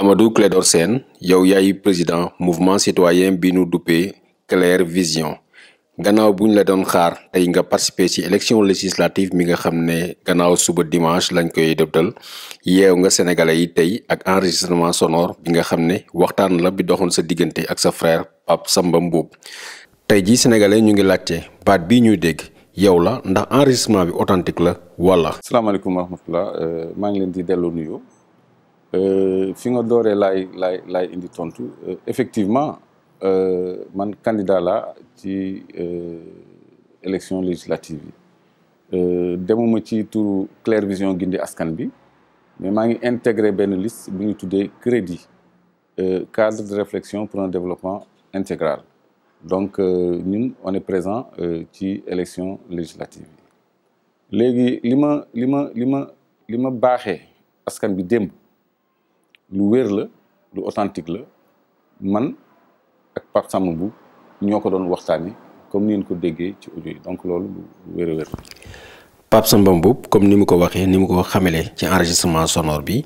Amadou Clédor Sène yow yaay président mouvement citoyen bi nu duppee Claire Vision gannaaw buñ la doon xaar tey nga participer ci élection législative mi nga xamné ne gannaaw suba dimanche lañ koy dëbtal Yew nga sénégalais yi tey ak enregistrement sonore bi nga xamné waxtaan la bi doxoon sa diggante ak sa frère Pape Samba Mboup Tay ji sénégalais ñu ngi laajte baat bi ñuy dégg yow la ndax enregistrement bi authentique la wala. alaykoum wa rahmatulah euh, ma ngi leen di delloo nuyu. Euh, fi nga dooree laay laay indi tontu euh, effectivement euh, man candidat là ci élection législative je demuma ci turu Claire Vision Gindi Askan bi mais maa intégrer intégré benn liste de ñu crédit cadre de réflexion pour un développement intégral donc nous, on est présent ci élection législative yi lima lima lima lima ma li askan bi lu wér la lu authentique la man ak pap Samba Mboup ñoo ko doon waxtaanee comme ni ko déggee ci audio yi donc loolu lu wér a wér la. Samba comme ni mu ko waxee ni mu ko xamele ci enregistrement sonore bi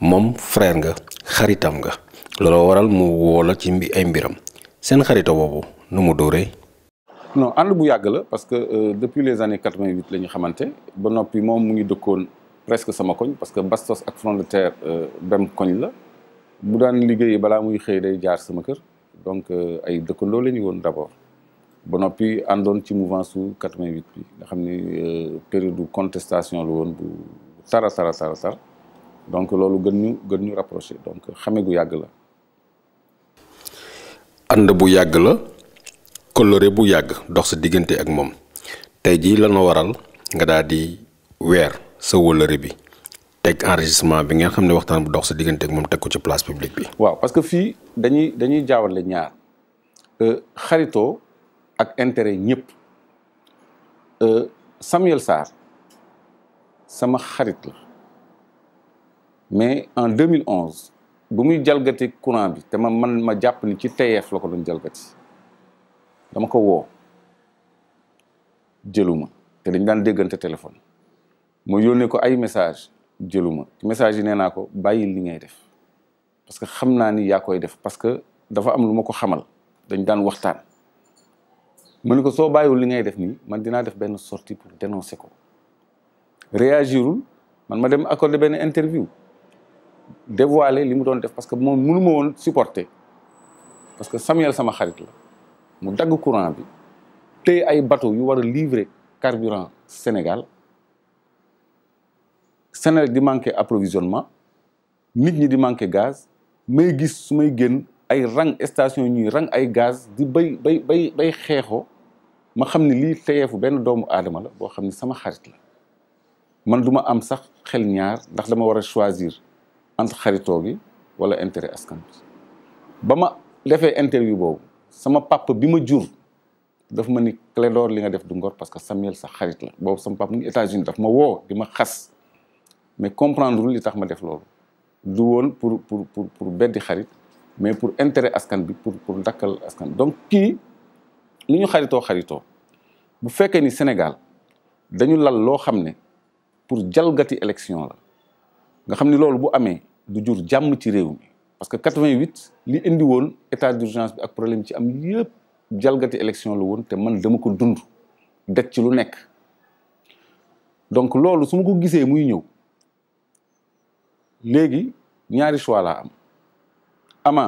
moom frère nga xaritam nga looloo waral mu woo la ci ay mbiram seen xarita boobu nu mu dóoree. non ànd bu yàgg la parce que euh, depuis les années 88 la ñu xamante ba noppi moom mu ngi dëkkoon presque sama koñ parce que Bastos ak Front euh, de Terre bem koñ la bu daan liguey bala muy xey day jaar sama kër donc euh, ay dëkkandoo lo ñu won d'abord bu nopi andone ci mouvement su 88 bi nga xamni ni euh, période de contestation lo won bu sara sara sara donc lolu gën ñu gën ñu rapproché donc xamé gu yag la ànd bu yag la coloré bu yag dox sa diggante ak moom tey jii waral nga daal di weer sa wóllëre bi teg enregistrement bi ngeen xam ne waxtaan bu dox sa diggante ak moom teg ko ci place publique bi. waaw parce que fii dañuy dañuy jaawale ñaar euh, xaritoo ak intérêt ñëpp euh, Samuel Sarr sama xarit la mais en 2011 bu muy jalgati courant bi te ma man ma jàpp ni ci TF la ko doon jalgati dama ko woo jëluma te dañ daan déggante téléphone. moo yónnee ko ay message jëluma message yi nee naa ko bàyyil li ngay def parce que xam naa ni yaa koy def parce que dafa am lu ma ko xamal dañ daan waxtaan ma ne ko soo bàyyiwul li ngay def nii man dinaa def benn sortie pour dénoncer ko réagirul man ma dem accorder benn interview dévoiler li mu doon def parce que moom mënu ma woon supporter parce que Samuel sama xarit la mu dagg courant bi tey ay bateau yu war a livrer carburant Sénégal Sénégal di manqué approvisionnement nit ñi di manqué gaz may gis sumay may génn ay rang station ñuy rang ay gaz di bay bay bay bay xéxo ma xamni li lii ben doomu adama la bo xamni sama xarit la man duma am sax xel ñaar ndax dama wara choisir entre xarito gi wala intérêt askan ba ma defee interview bobu sama papa bima jur daf ma ni clé d'or li nga def du ngor parce que Samuel sa xarit la bobu sama papa ni États-Unis daf ma wo dima xass mais comprendre li tax ma def lolu du won pour pour pour pour beddi xarit mais pour intérêt askan bi pour pour dakkal askan donc ki li ñu xarito xaritoo bu fekké ni Sénégal dañu lal lo xamné pour jalgati élection la nga xam lolu bu amé du jur jamm ci réew mi parce que 88 li indi won état d'urgence bi ak problème ci am yépp jalgati élection lu won té man dama ko dund deg ci lu nekk donc lolu su ko gisé muy ñëw léegi ñaari choix la am ama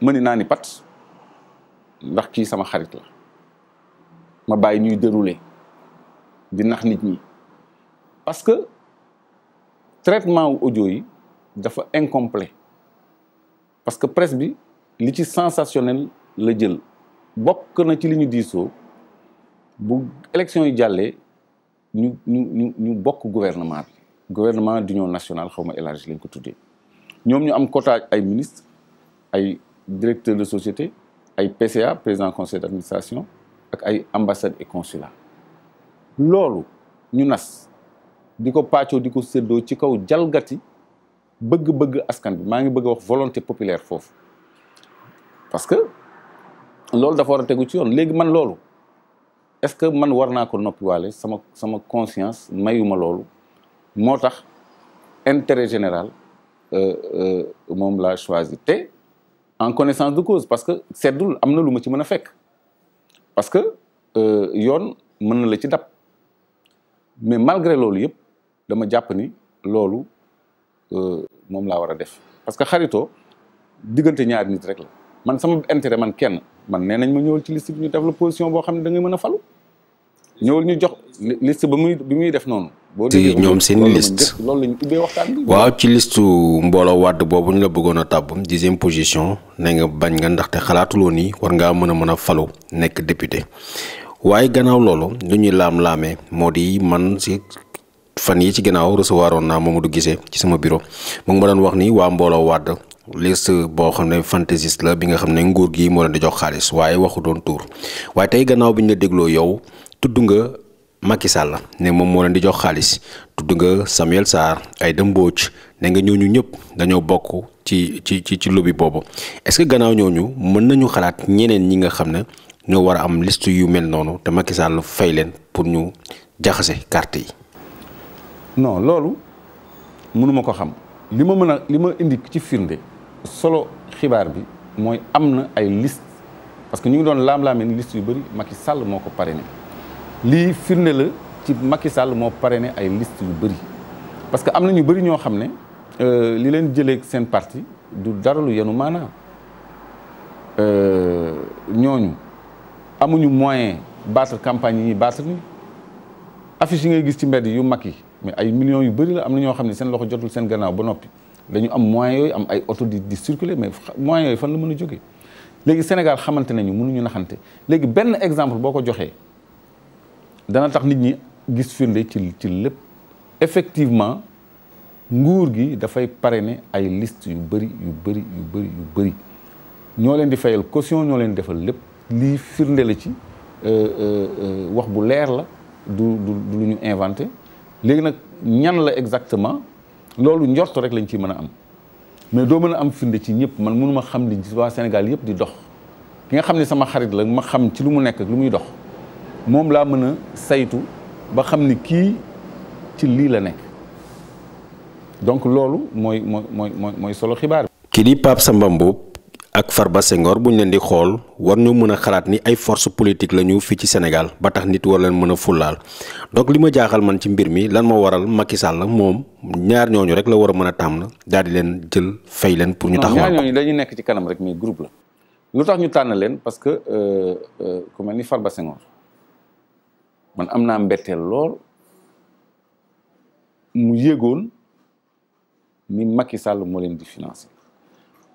mëni ni pat ndax ki sama xarit la ma bay ñuy dérouler di nax nit ñi parce que traitement audio yi dafa incomplet parce que presse bi li ci sensationnel le jël bokk na ci li ñu diisoo bu élection yi jàllee ñu ñu ñu ñu bokk gouvernement bi gouvernement d'union nationale xaw ma élargi lañ ko Nous avons ñu am quota ay ministres ay directeurs de société ay PCA président conseil d'administration ak ay ambassades et consulats loolu ñu nas diko ko diko seddo ci kaw jalgati bëgg-bëgg askan bi ma ngi bëgg wax volonté populaire foofu parce que loolu dafa war a ci yoon légui man loolu est-ce que man war naa ko noppiwaale sama sama conscience mayuma loolu motax intérêt général euh, euh moom l'a choisi te en connaissance de cause parce que seddul am na lu ci mën a parce que euh, yoon mën na la ci dab mais malgré lolu yep dama japp ni lolu euh, mom la wara def parce que xaritoo diggante ñaar nit rek la man sama intérêt man kenn man nee nañ ma ñëwul ci liste bi ñu def la position boo xam da ngay mën a falu ñëwal ñu jox liste bi muy def noonu ci ñoom seen liste waaw ci listu mbooloo wàdd boobu ñu la bëggoon a tàbb dixième position ne nga bañ nga ndaxte xalaatuloo nii war ngaa mën a mën a falu nekk député waaye gannaaw loolu lu ñuy laam laame moo di man si fan yi ci gannaaw recevoir woon naa du gisee ci sama bureau mu ngi ma doon wax ni waa mbooloo wàdd liste boo xam ne fantaisiste la bi nga xam ne nguur gi moo leen di jox xaalis waaye waxu doon tuur waaye tey gannaaw bi ñu la dégloo yow Macky Sall ne moom moo leen di jox xaalis tudd nga Samuel Sarr Aïda Mbodj ne nga ñooñu ñëpp dañoo bokk ci ci ci ci lobby boobu est-ce que gannaaw ñooñu mën nañu xalaat ñeneen ñi nga xam ne ñoo war a am list yu mel noonu te Macky Sall fay leen pour ñu jaxase carte yi. no loolu mënuma ko xam li ma mën a li ma indi ci firnde solo xibaar bi mooy am na ay liste parce que ñu ngi doon laam-laamee liste yu bëri Macky Sall moo ko parrainé Li firnde la ci Macky Sall mo parrainé ay liste yu bris, parce que am ñu euh, li leen parti du la lu mana euh ñoñu amuñu moyen battre campagne yi ni affiche ngay gis ci une yu Macky mais ay millions yu bari la amna ño xamné sen loxo jotul ba nopi dañu am moyens yoy am ay auto di di circuler mais moyens yooyu fan la mën joggé légui Sénégal xamanté nañu mënuñu exemple dana tax nit ñi gis firnde ci ci lépp effectivement nguur gi da fay parrainer ay liste yu bari yu bari yu bari yu bari ñoo leen di fayal caution ñoo leen defal lépp lii firnde la ci euh, euh, euh, wax bu leer la du du lu ñu inventé léegi nag ñan la exactement lolu njort rek lañ ci mëna am mais do mëna am firnde ci ñëpp man mënuma xam li wa Sénégal yëpp di dox ki nga xam ne sama xarit la ma xam ci lu mu nekk lu muy dox moom laa mën a saytu ba xam ni kii ci lii la nekk donc loolu mooy mooy mooy mooy solo xibaar bi. kii di paap sa Mboup ak Farba Senghor bu ñu leen di xool war ñu mën a xalaat ni ay force politique la ñu fii ci Sénégal ba tax nit war leen mën a fullaal donc li ma jaaxal man ci mbir mi lan moo waral Macky Sall moom ñaar ñooñu rek la war a mën a tànn daal di leen jël fay leen. pour ñu tax ko ñaar ñooñu dañuy nekk ci kanam rek mais groupe la. lu tax ñu tànn leen parce que euh, euh, ku mel ni Farba man amna naa lool mu yëgoon ni Macky Sall mo len di financer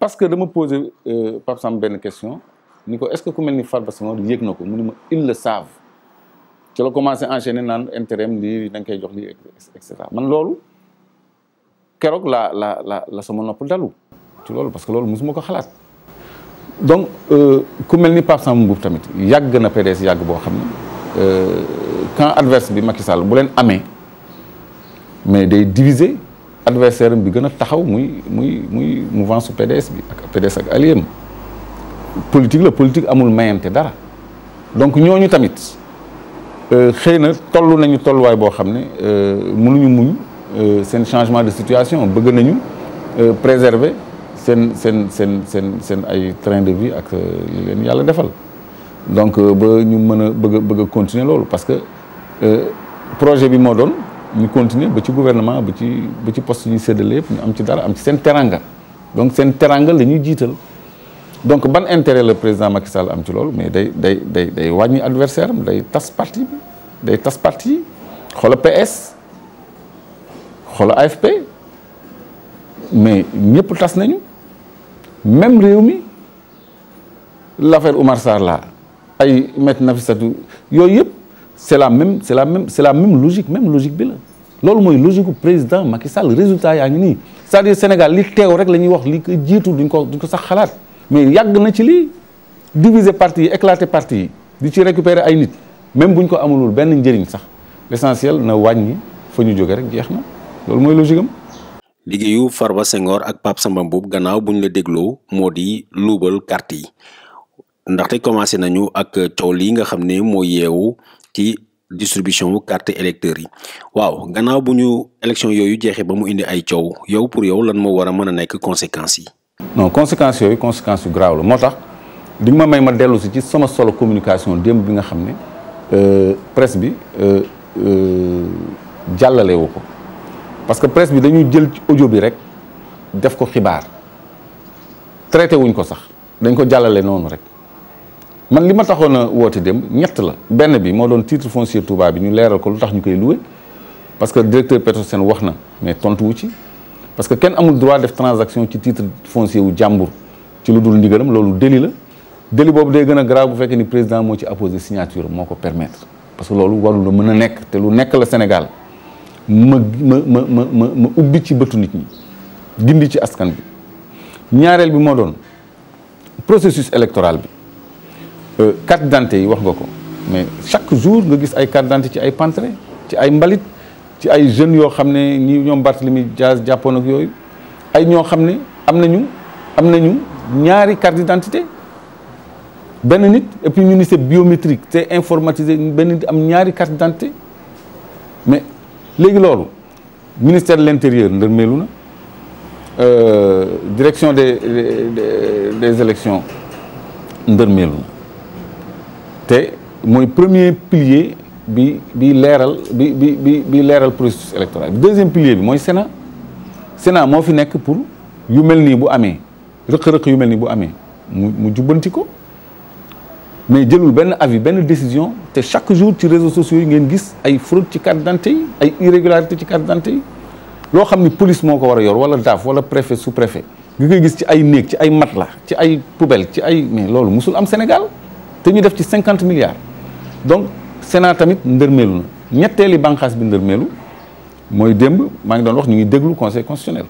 parce que dama posé euh, Pape Sam benn question ni ko est-ce que ku melni ni Farba Senghor mu ni ma ils le savent ci la commencé enchaîner nan intérêt li lii da jox li et cetera man loolu kérok la la la la sama nopp dalu ci loolu parce que loolu mosuma ko xalaat donc euh, ku mel ni Pape Samba Mboup tamit yag na PDS yag bo xam euh camp adverse bi Macky Sall bu leen amee mais day diviser adversaire bi gën taxaw muy muy muy mouvement su PDS bi ak PDS ak aliem politique la politique amul mayante dara donc ñooñu tamit euh, xëy na toll nañu tolluwaay bo xamné euh mënuñu muñ euh, seen changement de situation bëgg nañu euh préserver sen sen sen sen sen ay train de vie ak euh, li leen yalla défal donc ba ñu mëna bëgg bëgg continuer loolu parce que euh, projet bi moo doon ñu continuer ba ci gouvernement ba ci ba ci poste yi séddale yëpp ñu am ci dara am ci sen teranga donc sen teranga la donc ban intérêt le président Macky Sall am ci lool mais day day day day wàññi adversaire day tas parti bi day tas parti xol PS xol AFP mais ñepp tas nañu même réew mi l'affaire Omar Sarr la ay met Nafissatou yooyu c'est la même c'est la même c'est la même logique même logique bi la loolu mooy logique gu président Macky Sall résultat yaa ngi nii cest à Sénégal li teew rek la ñuy wax li ko jiitu duñ ko ko sax xalaat mais yàgg na ci lii diviser partie éclaté éclater parti yi di ci récupérer ay nit même buñ ko amulul benn njëriñ sax l'essentiel na wàññi fa ñu jóge rek jeex na loolu mooy logique am. liggéeyu Farba Senghor ak Pape Samba Mboup gannaaw buñ la dégloo moo di luubal carte yi ndaxte commencé nañu ak coow lii nga xam ne moo yeewu. ci distribution wu carte électeur yi waaw gannaaw bu ñu élection yooyu jeexee ba mu indi ay coow yow pour yow lan moo war a mën a nekk conséquences yi. non conséquences yooyu conséquences yu grave la moo tax di ma may ma dellu si ci sama solo communication démb bi nga xam ne euh, presse bi euh, euh, jàllale wu ko parce que presse bi dañuy jël ci audio bi rek def ko xibaar traité wuñ ko sax dañ ko jàllale noonu rek. man li ma taxoon a woote dem ñett la benn bi moo doon titre foncier Touba bi ñu leeral ko lu tax ñu koy loué parce que directeur Petrosen wax na mais tontu wu ci parce que kenn amul droit def transaction ci titre foncier wu jàmbur ci lu dul ndigalam loolu délit la délit boobu day gën a grave bu fekkee ni président moo ci apposé signature moo ko permettre parce que loolu warul la mën a nekk te lu nekk la Sénégal ma ma ma ma ma ma ubbi ci bëtu nit ñi gindi ci askan bi ñaareel bi moo doon processus électoral bi Euh, carte d'identité mais chaque jour nga gis ay carte d'identité ci ay ci ay mbalit ci ay jeunes yo xamné ni ñom Barthélemy ay carte d'identité et puis ñu biométrique c'est informatisé nit am ñaari carte d'identité mais légui ministère de l'intérieur une euh, direction des des élections une te mooy premier pilier bi bi leral bi bi bi bi leeral processus électoral deuxième pilier bi Sénat Sénat mo fi nek pour yu melni bu amé rëq-rëq yu melni bu amé mu mu mais jëlul ben avis ben décision té chaque jour ci réseaux sociaux yi ngeen gis ay fraude ci carte d'identité ay irrégularité ci carte d'identité yi loo police moko wara yor wala DAF wala préfet sous préfet nga koy gis ci ay nek ci ay matelas ci ay poubelle ci ay mais loolu musul am Sénégal te ñu def ci cinquante milliards donc Sénat tamit ndërmeelu na ñetteeli bànqaas bi ndërmeelu mooy démb maa ngi doon wax ñu ngi déglu conseil constitutionnel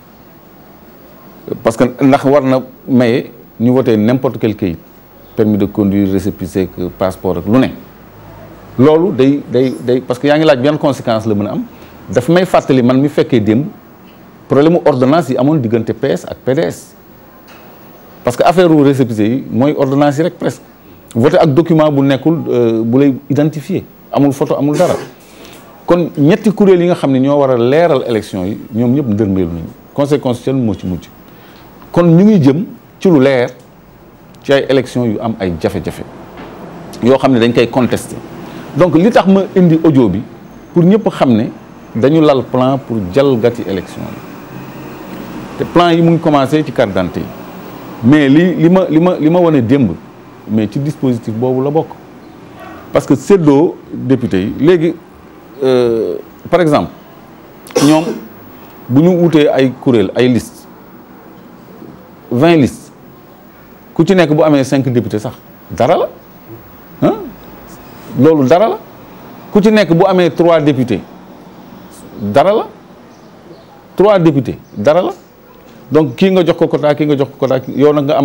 parce que ndax war na maye ñu voté n'importe quel kayit permis de conduire récépissé passeport ak lu ne loolu day day day parce que yaa ngi laaj benn conséquence le mën a am dafa may fàttali man mi fekkee démb problème mu ordonnance yi amoon diggante PS ak PDS parce que affaire u récépissé yi ordonnance yi rek presque voté ak document bu nekkul euh, bu lay identifier amul photo amul dara kon ñetti courriel yi nga xamni ne ñoo war a élection yi ñom ñëpp ndërmbeelu ñu conseil constitutionnel mo ci mujj kon ñu ngi jëm ci lu leer ci ay élection yu am ay jafé jafé yo xamni dañ koy contester donc li tax ma indi audio bi pour ñëpp xamné dañu lal plan pour jalgati élection yi plan yi mu ngi commencé ci carte d'identité mais li li ma li ma li ma mais le dispositif bok parce que c'est deux députés, par exemple si buñu outé ay listes, 20 listes ku ci nek bu amé 5 députés sax dara la hein lolu dara la ku 3 députés dara la 3 députés dara donc qui nga jox ko quota qui nga quota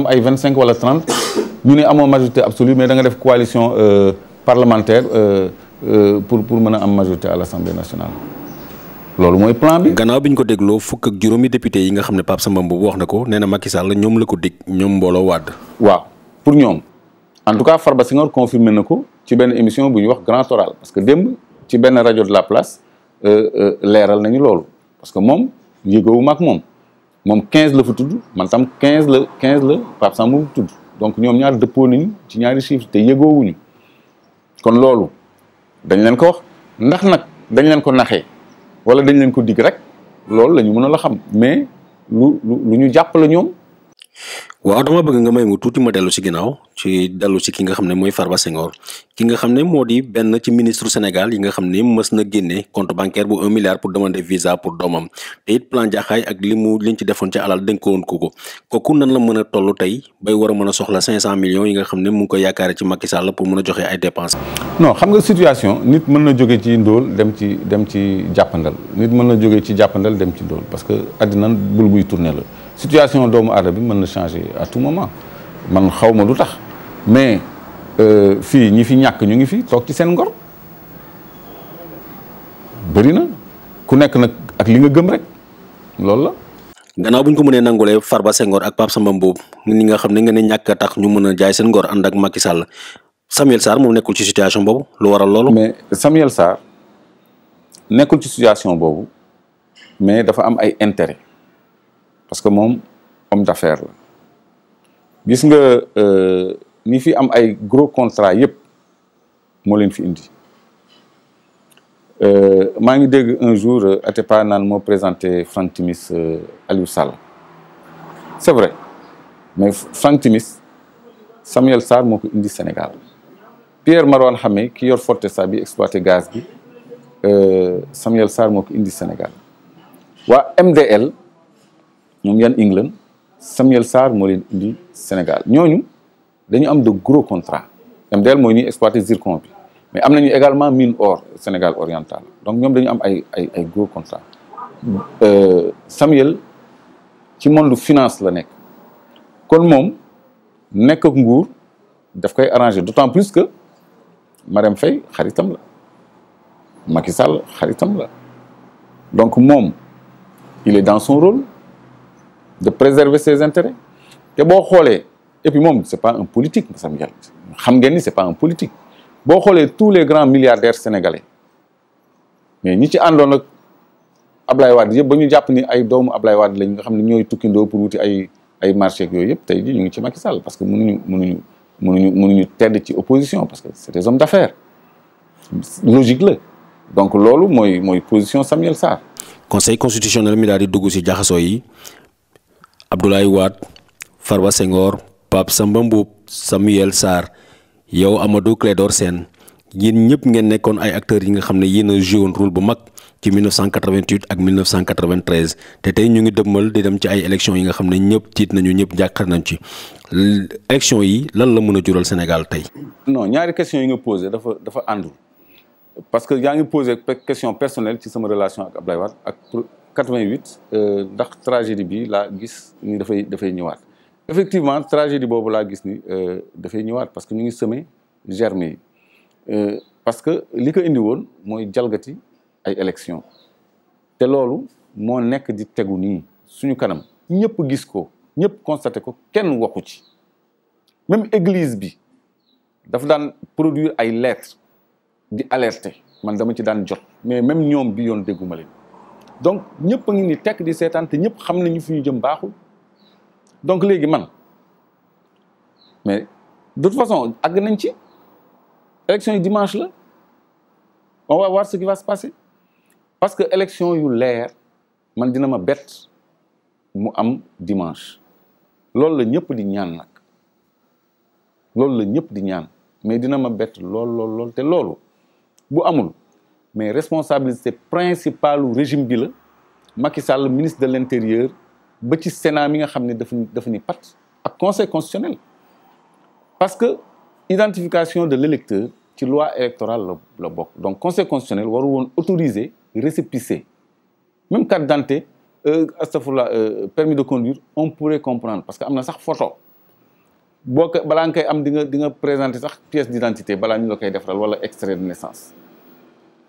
25 ou 30 ñu ne amoo majorité absolue mais da nga def coalition euh, parlementaire euh, euh, pour pour mëna am majorité à l'Assemblée nationale lolu moy plan bi. gannaaw biñ ko dégloo fukk ak juroomi député yi nga xamné pap Pape Samba Mboup wax nako ko na Macky Sall ñom la ko dig ñom mbolo wad waaw pour ñom en tout cas Farba Senghor confirmé na ci ben émission buñ wax grand oral parce que demb ci ben radio de la place léral nañu lolu parce que mom, yëgoowu wu mak mom mom 15 la fu tudd man tam 15 le 15 le pap Samba Mboup tudd. donc ñoom ñaar dëppoo nañ ci ñaari chiffres te yëgoowuñu kon loolu dañ leen ko wax ndax nag dañ leen ko naxee wala dañ leen ko digg rek loolu la ñu la xam mais lu ñu jàpp la ñoom waaw dama bëgg nga may mu tuuti ma dellu si ginnaaw ci dellu si ki nga xam ne mooy Farba Senghor ki nga xam ne moo di benn ci ministre Sénégal yi nga xam ne mës na génne compte bancaire bu 1 milliard pour demander visa pour doomam te it plan jaxaay ak li mu liñ ci defoon ci alal dénkoon ko ko kooku nan la mën a toll tey bay war a mën a soxla 500 millions yi nga xam ne mu ngi ko yaakaare ci Macky Sall pour mën a joxe ay dépenses. non xam nga situation nit mën na jóge ci ndóol dem ci dem ci jàppandal nit mën na jóge ci jàppandal dem ci ndóol parce que àddina bul buy tourner situation doomu arabe changer à tout moment Je ne sais mais euh, ñi fi ñak ñu ngi fi tok ci sen ngor ku nek nak ak li nga gëm rek Farba sengor. ak Pape nga nga ne tax ñu Samuel Sarr mo nekkul ci situation de lu waral mais Samuel Sarr nekkul ci situation mais dafa am ay intérêt parce que un homme d'affaires Je suis un ni fi am gros contrat qui suis fi indi euh, maa un jour je euh, me présenté Franck Timis à euh, Sall c'est vrai mais Franck Timis Samuel Sarr est indi Sénégal Pierre Marouane Hamé qui yor Fortesa bi le gaz Samuel Sarr est indi Sénégal Ou MDL ñoo yan England Samuel Sarr moo leen indi Sénégal ñooñu dañu am de gros contrats contrat MDL mooy ñuy exploiter zircon bi mais am nañu également mine or Sénégal oriental donc ñoom dañu am ay ay ay gros contrats. Euh, Samuel ci monde finance la nekk kon moom nekk ak nguur daf koy arranger d'autant plus que Marem Faye xaritam la Macky Sall xaritam la donc moom il est dans son rôle de préserver ses intérêts et puis ce c'est pas un politique Samuel. c'est pas un politique Bon tous les grands milliardaires sénégalais mais ni ci Ablaye Wade ba pour parce que nous sommes mënuñu opposition parce que c'est des hommes d'affaires logique donc c'est la position Samuel Sarr. conseil constitutionnel mi di dugg Abdoulaye Wade Farba Senghor Pape Samba Mboup Samuel Sarr yow Amadou Clédor Sène yéen ñëpp ngeen nekkoon ay acteur yi nga xam ne yéen a joué woon rôle bu mag ci 1988 ak 1993 te tey ñu ngi dëmmal di dem ci ay élections yi nga xam ne ñëpp tiit nañu ñëpp jàkkaar nañ ci élections yi lan la mën a jural Sénégal tey. non ñaari question yi nga posé dafa dafa àndul parce que yaa ngi posé question personnelle ci sama relation ak Abdoulaye Wade ak 88 euh, ndax tragédie bi laa gis ni dafay dafay ñëwaat effectivement tragédie boobu laa gis ni euh, dafay ñëwaat parce que ñu ngi semé germé yi euh, parce que li ko indi woon mooy jalgati ay élection te loolu moo nekk di tegu nii suñu kanam ñëpp gis ko ñëpp constaté ko kenn waxu ci même église bi dafa daan produire ay lettres di alerter man dama ci daan jot mais même ñoom bi yoon dégguma leen donc ñëpp ngi ni tek di seetaan te ñëpp xam nañu fi ñu jëm baaxul donc léegi man mais de toute façon àgg nañ ci élection yi dimanche la on va voir ce qui va se passer parce que élection yu leer man dina ma bett mu am dimanche loolu la ñëpp di ñaan nag loolu la ñëpp di ñaan mais dina ma bett lool lool lool te loolu bu amul mais responsabilité principale au régime bi la Macky Sall ministre de l'intérieur ba ci Sénat mi nga xamné conseil constitutionnel parce que identification de l'électeur ci loi électorale Donc le donc conseil constitutionnel waru won autoriser récépissé même carte d'identité euh, a euh, permis de conduire on pourrait comprendre parce que y sax photo bok am di nga di pièce d'identité on ñu la koy defaral wala de naissance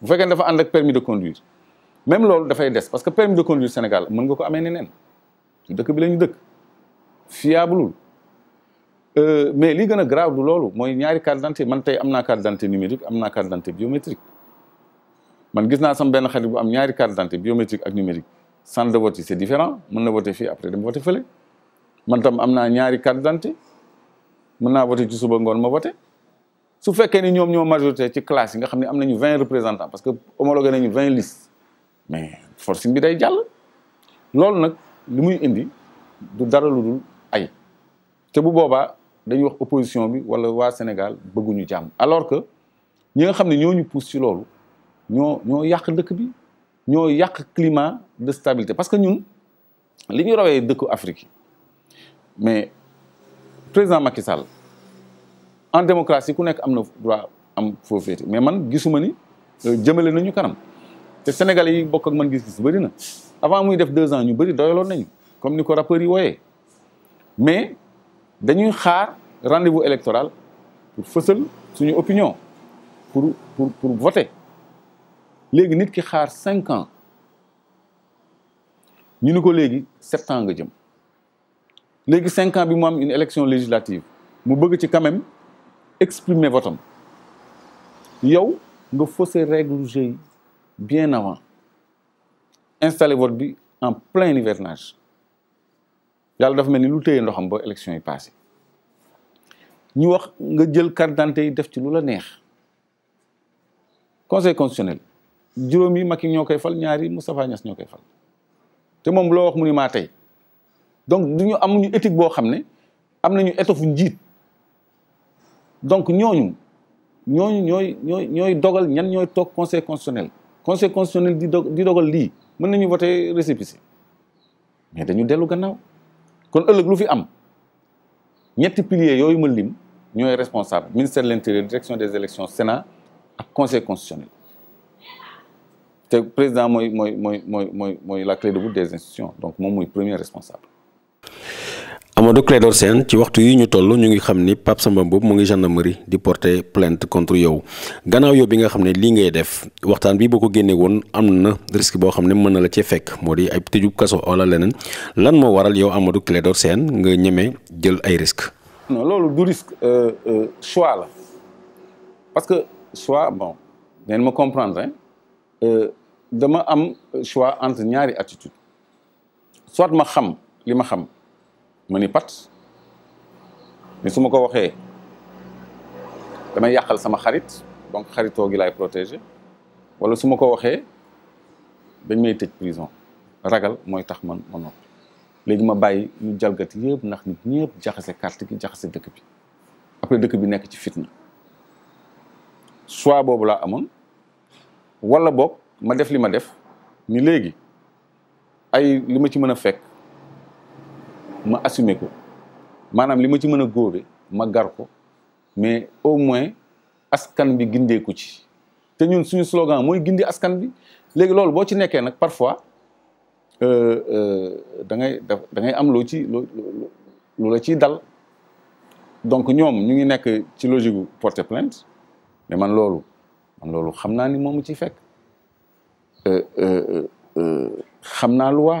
bu fekkee dafa ànd ak permis de conduire même loolu dafay des parce que permis de conduire Sénégal mën nga ko amee neneen ci dëkk bi la ñu dëkk fiableul euh, mais li gën a grave du loolu mooy ñaari carte d'identité man tey am naa carte d'identité numérique am na carte d'identité biométrique man gis naa sama benn xarit bu am ñaari carte d'identité biométrique ak numérique sant de vote yi c'est différent mën na voter fii après dem voter fële man tam am na ñaari carte d'identité mën naa voter ci suba ngoon ma voter su fekkee ni ñoom ñoo majorité ci classe yi nga xam ne am nañu vingt représentants parce que homologué nañu 20 listes mais forcing bi day jàll loolu nag li muy indi du dara lu dul ay te bu boobaa dañuy wax opposition bi wala waa Sénégal bëgguñu jàmm alors que ñi nga xam ne ñoo ñu pousse ci loolu ñoo ñoo yàq dëkk bi ñoo yàq climat de stabilité parce que ñun li ñu rawee dëkku Afrique mais président Macky Sall en démocratie il nekk droit mais man gisuma ni euh, jëmale nañu kanam les sénégalais yi bokk ak man gis-gis avant muy deux ans ñu comme nous l'avons dit. Mais, nous mais dañuy rendez-vous électoral pour faire une opinion pour voter Nous nit ki cinq ans Nous nous sept ans nga cinq ans bi une élection législative Nous bëgg quand même exprimer votam yow nga faussé règle jeu yi bien avant Installez votre bi en plein hivernage Il dafa mel ni lu téye ndoxam ba élection yi passé ñu wax nga jël carte d'identité yi def ci lu neex conseil constitutionnel juróom yi Macky ñoo koy fal ñaari Moustapha Niass ñoo koy fal te moom loo wax mu ni maa donc du amuñu éthique boo xam ne am nañu donc nous sommes ñooy ñooy ñooy dogal ñan conseil constitutionnel conseil constitutionnel dit que dogal avons mën nañu voter mais nous avons gannaaw kon Donc lu fi am Nous piliers yooyu lim Le responsable ministère de l'intérieur direction des élections sénat le conseil constitutionnel Le président est la clé de voûte des institutions donc suis le premier responsable Amadou Clédor Sène ci waxtu yi ñu toll ñu ngi xam ni Pape Samba Mboup mu ngi gendarmerie di porter plainte contre yow gannaaw yow bi nga xam ne lii ngay def waxtaan bi boo ko génne woon am na risque boo xam ne mën na la ci fekk moo di ay tëjub kaso wala leneen lan moo waral yow Amadou Clédor Sène nga ñeme jël ay risque non loolu du risque euh, euh choix la parce que choix bon len ma comprendre euh, dama am choix entre ñaari attitude soit ma xam li ma xam Je suis pat ni su ko waxee je suis sama xarit donc gi protéger wala ko dañ may prison ragal moy tax man ma suis ñu nit carte gi dëkk bi après dëkk bi nekk ci fitna je suis la amone wala bok ma def li ma def ni ay ci ma assumé ko maanaam li ma ci mën a góobe ma gar ko mais au moins askan bi gindeeku ci te ñun suñu slogan mooy gindi askan bi léegi loolu boo ci nekkee nag parfois euh, euh, da dangay da ngay am loo ci loo loo la ciy dal donc ñoom ñu ngi nekk ci logique bu porter plainte mais man loolu loolu xam naa ni moom mu ciy fekk euh, xam naa loi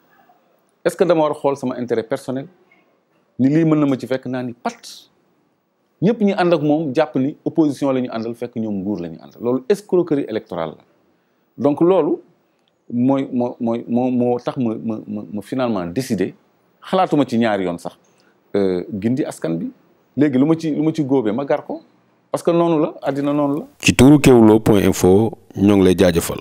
est-ce que dama war a xool sama intérêt personnel ni lii mën na ma ci fekk naa ni pat ñëpp ñu ànd ak moom jàpp ni opposition la ñu àndal fekk ñoom nguur la ñu àndal loolu escroquerie électorale la donc loolu mooy moo mooy moo moo tax ma ma ma ma finalement décidé xalaatuma ci ñaari yoon sax euh, gindi askan bi léegi lu ma ci lu ma ci góobee ma gar ko parce que noonu la àddina noonu la. ci tuuru Kéwoulo point info ñoo ngi lay jaajëfal.